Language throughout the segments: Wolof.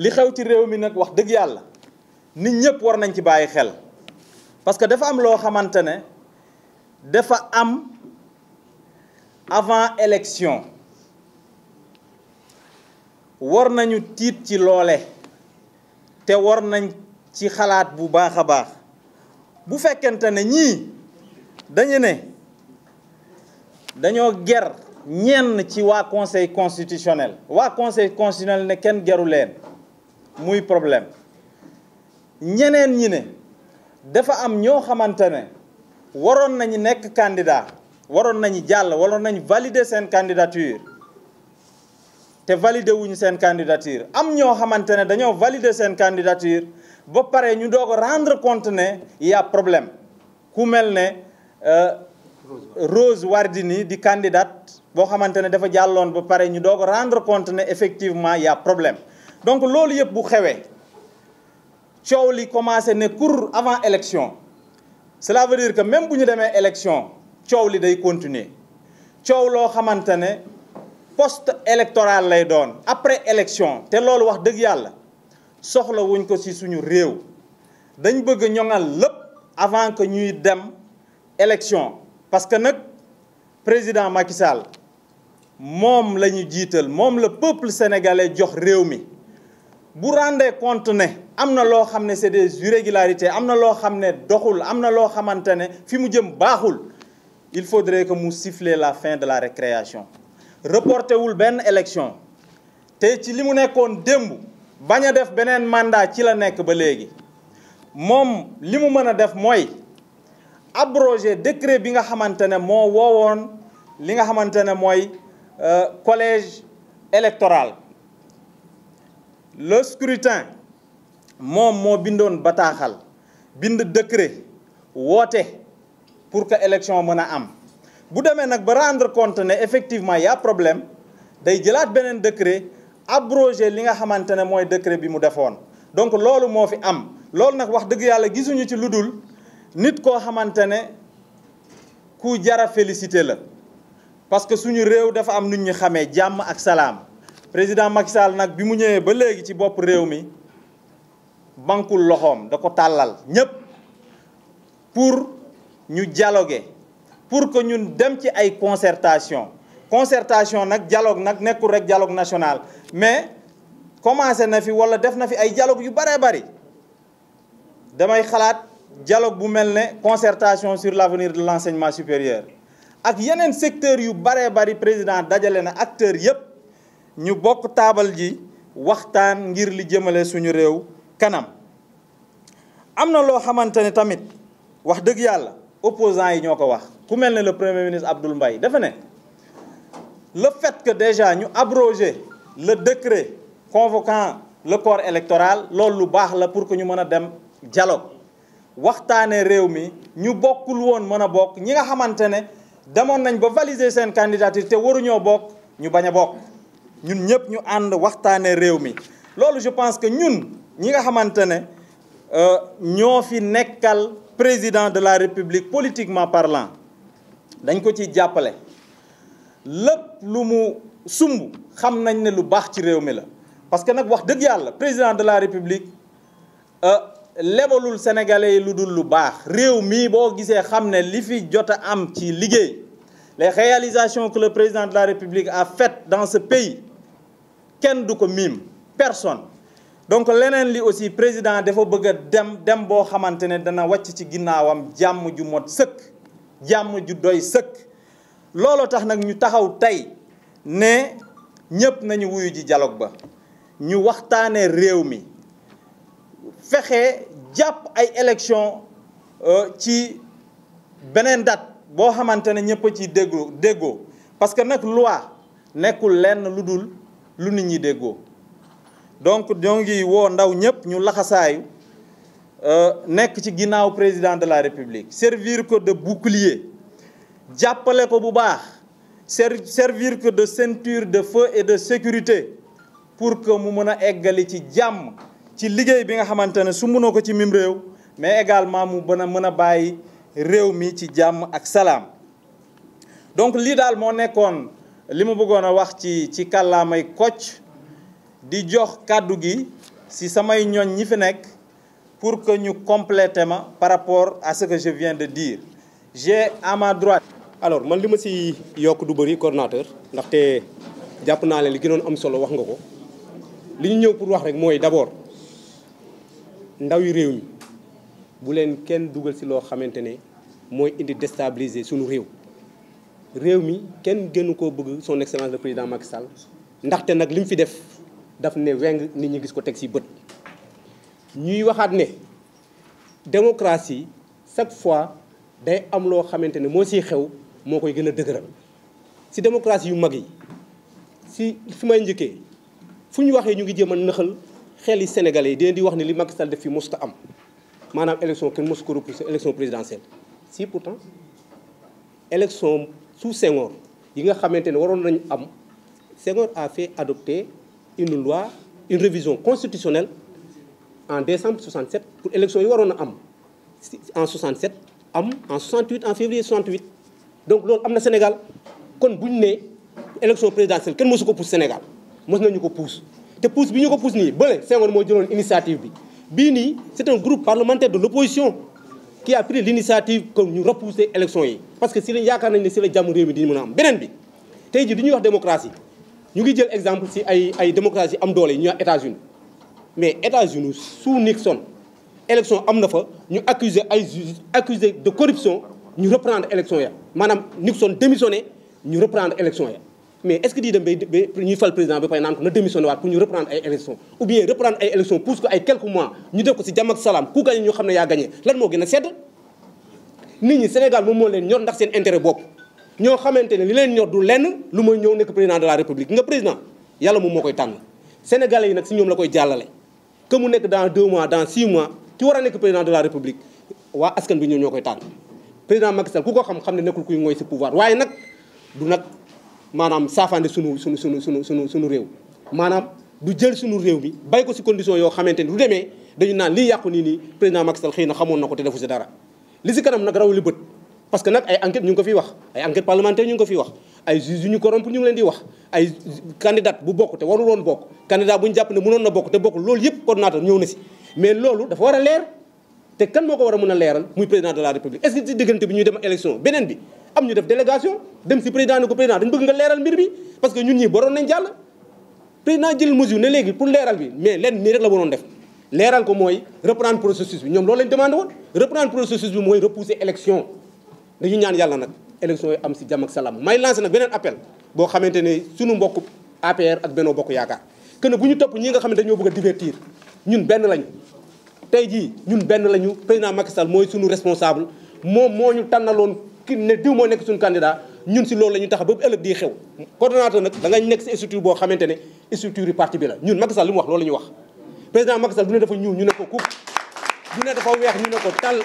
li xew ci réew mi nag wax dëgg yàlla nit ñëpp war nañ ci bàyyi xel parce que dafa am loo xamante ne dafa am avant élection war nañu tiit ci loole te war nañ ci xalaat bu baax a baax bu fekkente ne ñii dañu ne dañoo ger ñenn ci waa conseil constitutionnel waa conseil constitutionnel ne kenn geru leen muy problème ñeneen ñi ne dafa am ñoo xamante ne waroon nañu nekk candidat waroon nañu jàll waroon nañu valider seen candidature te valider wuñu seen candidature am ñoo xamante ne dañoo valider seen candidature ba pare ñu doog a rendre compte ne y problème ku mel ne euh, Rose Wardini di candidate boo xamante ne dafa jàlloon ba pare ñu doog a rendre compte ne effectivement y problème donc loolu yëpp bu xewee coow li commencé ne court avant élection cela veut dire que même bu ñu demee élection coow li day continuer coow loo xamante ne poste électoral lay doon après élection te loolu wax dëgg yàlla soxla wuñ ko ci suñu réew dañ bëgg ñoŋal lépp avant que ñuy dem élection parce que nag président Macky moom la ñu jiital moom la peuple sénégalais jox réew mi bu rendee compte ne am na loo xam ne c'est des irrégularités am na loo xam ne doxul am na loo xamante ne fi mu jëm baaxul il faudrait que mu siffler la fin de la récréation reporté wul benn élection te ci li mu nekkoon démb bañ a def beneen mandat ci la nekk ba léegi moom li mu mën a def mooy abroger décret bi nga xamante ne moo woowoon li nga xamante ne mooy euh, collège électoral le scrutin moom moo bindoon bataaxal bind décret woote pour que élection mën a am bu demee nag ba rendre compte ne effectivement y a problème day jëlaat beneen décret abrogé li nga xamante ne mooy décret bi mu defoon donc loolu moo fi am loolu nag wax dëgg yàlla gisuñu ci lu dul nit koo xamante ne ku jara félicité la parce que suñu réew dafa am nit ñu xamee jàmm ak salaam président Macky Sall nag bi mu ñëwee ba léegi ci bopp réew mi bankul loxoom da ko tàllal ñépp pour ñu dialoguer pour que ñun dem ci ay concertation concertation nag dialogue nag nekkul rek dialogue national mais commencé na fi wala def na fi ay dialogue yu bëree bëri damay xalaat dialogue bu mel ne concertation sur l'avenir de l'enseignement supérieur ak yeneen secteur yu bëree bari président dajale na acteur yépp ñu bokk taabal ji waxtaan ngir li jëmale suñu réew kanam am na loo xamante ne tamit wax dëgg yàlla opposants yi ñoo ko wax ku mel ne le premier ministre Abdoul Mbaye dafa ne le fait que déjà ñu abroger le décret convoquant le corps électoral loolu lu baax la pour que ñu mën a dem dialogue waxtaanee réew mi ñu bokkul woon mën a bokk ñi nga xamante ne demoon nañ ba valiser seen candidature te waruñoo bokk ñu bañ a bokk ñun ñëpp ñu ànd waxtaane réew mi loolu je pense que ñun ñi nga xamante ne euh, ñoo fi nekkal président de la république politiquement parlant dañ ko ci jàppale lépp lu mu sumb xam nañ ne lu baax ci réew mi la parce que nag wax dëgg yàlla président de la république euh, lebalul sénégalais yi lu dul lu baax réew mii boo gisee xam ne li fi jot a am ci liggéey les réalisations que le président de la république a faites dans ce pays kenn du ko miim personne donc leneen li aussi président dafa bëgg dem dem boo xamante ne dana wàcc ci ginnaawam jàmm ju mot sëkk jàmm ju doy sëkk looloo tax nag ñu taxaw tey ne ñëpp nañu wuyu ji dialogue ba ñu waxtaanee réew mi fexe jàpp ay élection euh, ci beneen date boo xamante ne ñëpp a ciy déglu parce que nag loi nekkul lenn lu dul lu nit ñi déggoo donc ñoo woo ndaw ñëpp ñu laxasaayu euh, nekk ci ginnaaw président de la république servir ko de bouclier jàppale ko bu baax servir que de ceinture de feu et de sécurité pour que mu mën a eggali ci jàmm ci liggéey bi nga xamante ne su mënoo ko ci mim réew mais également mu bën a mën a bàyyi réew mi ci jàmm ak salaam donc lii daal moo nekkoon li ma bëggoon a wax ci ci kàllaamay Kocc di jox kàddu gi si samay ñoñ ñi fi nekk pour que ñu complété ma par rapport à ce que je viens de dire j'ai à ma droite alors man li ma si yokk du bëri coordonnateur ndaxte jàpp naa leen li gënoon am solo wax nga ko li ñu ñëw pour wax rek mooy d'abord ndaw yi réew mi bu leen kenn dugal si loo xamante ne mooy indi déstabiliser sunu réew réew mi kenn gënu koo bëgg son excellence le président Macky ndaxte nag li mu fi def daf ne weng nit ñi gis ko teg si bët ñuy waxaat ne démocratie chaque fois day am loo xamante ne moo siy xew moo koy gën a dëgëral si démocratie yu mag yi si fi may njëkkee fu ñu waxee ñu ngi jéem a nëxal xel yi Sénégalais yi dina di wax ne li Macky Sall def fi mosta am maanaam élection kenn mosu ko repousser élection présidentielle si pourtant élection sous Senghor yi nga xamante ne waroon nañu am Senghor a fait adopter une loi une révision constitutionnelle en décembre 67 pour élection yi waroon a am en 67 am en 68 en février 68 donc loolu am na Sénégal kon bu ñu nee élection présidentielle kenn mosu ko pousse Sénégal mos nañu ko pousse te pousse bi ñu ko pousse nii bële Senghor moo jëloon initiative bi bii nii c'est un groupe parlementaire de l'opposition qui a pris l'initiative comme ñu repousser élection yi parce que si lañ yaakaar nañ ne si la jàmm réew mi di mën a am beneen bi tey ji du ñuy wax démocratie ñu ngi jël exemple si ay ay démocratie am doole ñu wax États-Unis mais États-Unis sous Nixon élection am na fa ñu accuser ay accusé de corruption ñu reprendre élection ya maanaam Nixon démissionné ñu reprendre élection ya mais est-ce que di dem bay ba ñuy fal président ba pare naan ko na démissionné waat pour ñu reprendre ay élections ou bien reprendre ay élections pousse ko ay quelques mois ñu def ko ci jàmm salaam ku gagné ñu xam ne yaa gagné lan moo gën a sedd nit ñi Sénégal moom moo leen ñor ndax seen intérêt bopp ñoo xamante ne li leen ñor du lenn lu mooy ñëw nekk président de la république nga président yàlla moom moo koy tànn sénégalais yi nag ci ñoom la koy jàllale mu nekk dans deux mois dans six mois ki war a nekk président de la république waa askan bi ñoo ñoo koy tànn président ko xam xam ne nekkul kuy ngooy ci pouvoir maanaam saafande sunu sunu sunu sunu sunu sunu réew maanaam du jël sunu réew mi bay ko si condition yoo xamante ni du demee dañu naan lii yàqu nii nii président Macky xëy na xamoon na ko te defu si dara li si kanam nag raw li bët parce que nag ay enquête ñu ko fiy wax ay enquête parlementaire ñu ngi ko fiy wax ay juge yu ñu corrompu ñu ngi leen di wax ay candidat bu bokk te waru woon bokk candidat bu ñu jàpp ne mënoon na bokk te bokk loolu yëpp coordonnateur ñëw na si mais a leer te kan war a a leeral muy bi ñuy dem élection beneen bi am ñu def délégation dem si président ne ko président dañ bëgg nga leeral mbir bi parce que ñun ñii boroon nañ jàll président jël mesure ne léegi pour leeral bi mais lenn nii rek la waroon def leeral ko mooy reprendre processus bi ñoom loolu lañ demandé woon reprendre processus bi mooy repousser élection dañu ñaan yàlla nag élection yi am si jàmm ak salaam may lancé nag beneen appel boo xamante ne suñu mbokk APR ak Benno Bokk Yaakaar que ne bu ñu topp ñi nga xam ne dañoo bëgg a ñun benn lañu tey jii ñun benn lañu président Macky Sall mooy suñu responsable moom moo ñu tànnaloon ki ne diw moo nekk suñu candidat ñun si loolu la ñu tax ba ëllëg di xew coordonnateur nag da ngay nekk si structure boo xamante ne structure yu parti bi la ñun Macky Sall li mu wax loolu la ñu wax président Macky Sall dafa ñuul ñu ne ko kub du ne dafa weex ñu ne ko tal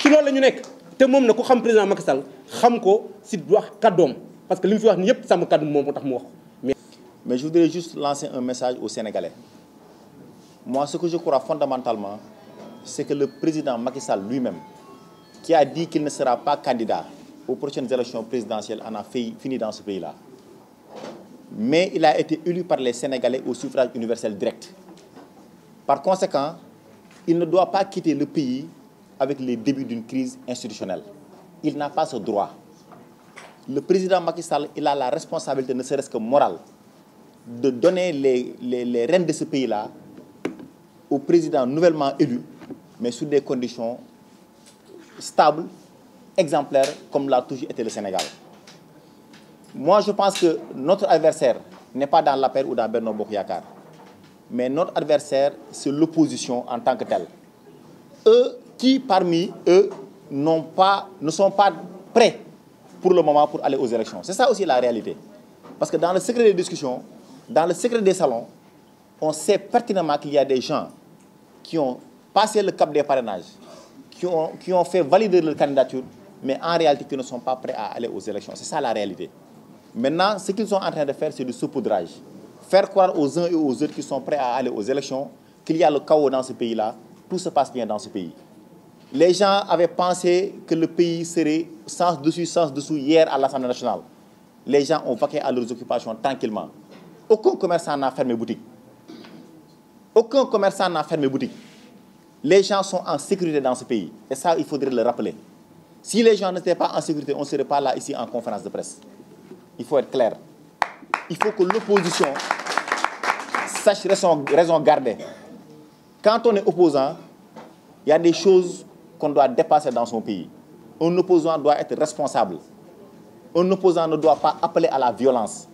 ci loolu la ñu nekk te moom na ku xam président Macky xam ko si wax kàddoom parce que li mu fi wax ni yëpp sàmm kàddu moom moo tax mu wax mais je voudrais juste lancer un message au Sénégalais moi ce que je crois fondamentalement c'est le président Macky Sall lui qui a dit qu'il ne sera pas candidat aux prochaines élections présidentielles en a fait, fini dans ce pays-là. Mais il a été élu par les Sénégalais au suffrage universel direct. Par conséquent, il ne doit pas quitter le pays avec les débuts d'une crise institutionnelle. Il n'a pas ce droit. Le président Macky Sall, il a la responsabilité, ne serait-ce de donner les, les, les rênes de ce au président nouvellement élu, mais sous des conditions stable, exemplaire, comme l'a toujours été le Sénégal. Moi, je pense que notre adversaire n'est pas dans l'appel ou dans Bernard Bokyakar. Mais notre adversaire, c'est l'opposition en tant que telle. Eux qui, parmi eux, pas, ne sont pas prêts pour le moment pour aller aux élections. C'est ça aussi la réalité. Parce que dans le secret des discussions, dans le secret des salons, on sait pertinemment qu'il y a des gens qui ont passé le cap des parrainages, qui ont, qui ont fait valider leur candidature, mais en réalité qui ne sont pas prêts à aller aux élections. C'est ça la réalité. Maintenant, ce qu'ils sont en train de faire, c'est du saupoudrage. Faire croire aux uns et aux autres qui sont prêts à aller aux élections qu'il y a le chaos dans ce pays-là. Tout se passe bien dans ce pays. Les gens le pays serait sens dessus, sens dessous hier à l'Assemblée nationale. Les gens ont vaqué à leurs occupations tranquillement. Aucun commerçant n'a fermé boutique. Aucun commerçant n'a fermé boutique. les gens sont en sécurité dans ce pays. Et ça, il faudrait le rappeler. Si les gens n'étaient pas en sécurité, on ne serait pas là ici en conférence de presse. Il faut être clair. Il faut que l'opposition sache raison, raison garder. Quand on est opposant, il y a des choses qu'on doit dépasser dans son pays. Un opposant doit être responsable. Un opposant ne doit pas appeler à la violence.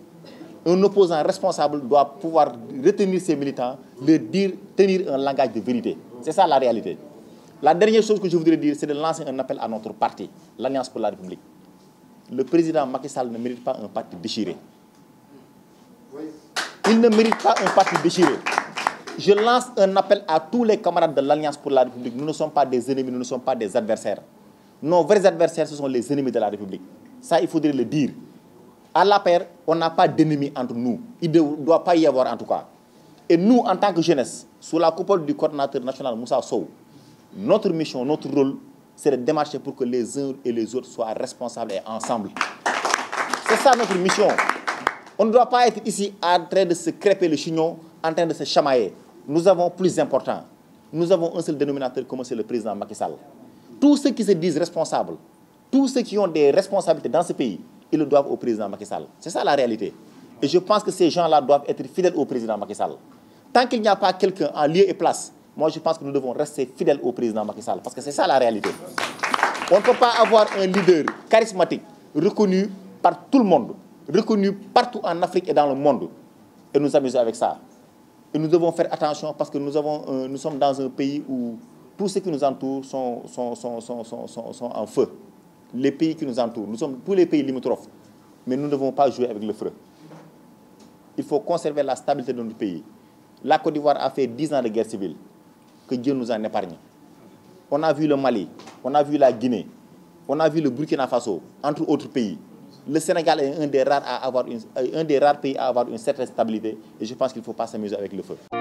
un opposant responsable doit pouvoir retenir ses militants, leur dire, tenir un langage de vérité. C'est ça la réalité. La dernière chose que je voudrais dire, c'est de lancer un appel à notre parti, l'Alliance pour la République. Le président Macky Sall ne mérite pas un parti déchiré. Il ne mérite pas un parti déchiré. Je lance un appel à tous les camarades de l'Alliance pour la République. Nous ne sommes pas des ennemis, nous ne adversaires. ce sont les ennemis de la République. Ça, le dire. À l'APR, on n'a pas d'ennemi entre nous. Il doit pas y avoir en tout cas. Et nous, en tant que jeunesse, sous la coupole du coordinateur national Moussa Sow, notre mission, notre rôle, c'est de démarcher pour que les uns et les autres soient responsables et ensemble. C'est ça notre mission. On ne doit pas être ici en train de se crêper le chignon, en train de se chamailler. Nous avons plus important. Nous avons un seul dénominateur comme c'est le président Macky Sall. Tous ceux qui se tous ceux des responsabilités dans ce ils le doivent au président Macky Sall. C'est ça la réalité. Et je pense que ces gens-là doivent être fidèles au président Macky Tant qu'il n'y a pas quelqu'un en lieu et place, moi je pense que nous devons rester fidèles au président Macky Sall, parce que c'est ça la réalité. On ne peut pas avoir un leader charismatique, reconnu par tout le monde, reconnu partout en Afrique et dans le monde, et nous amuser avec ça. Et nous devons faire attention parce que nous, avons, euh, nous sommes dans un pays où tout ce qui nous sont, sont, sont, sont les pays qui nous entourent. Nous sommes tous les pays limitrophes, mais nous ne devons pas jouer avec le feu. Il faut conserver la stabilité de notre pays. La Côte d'Ivoire a fait 10 ans de guerre civile. Que Dieu nous en épargne. On a vu le Mali, on a vu la Guinée, on a vu le Burkina Faso, entre autres pays. Le Sénégal est un des rares, à avoir une, certaine stabilité et je pense qu'il ne faut pas s'amuser avec le feu.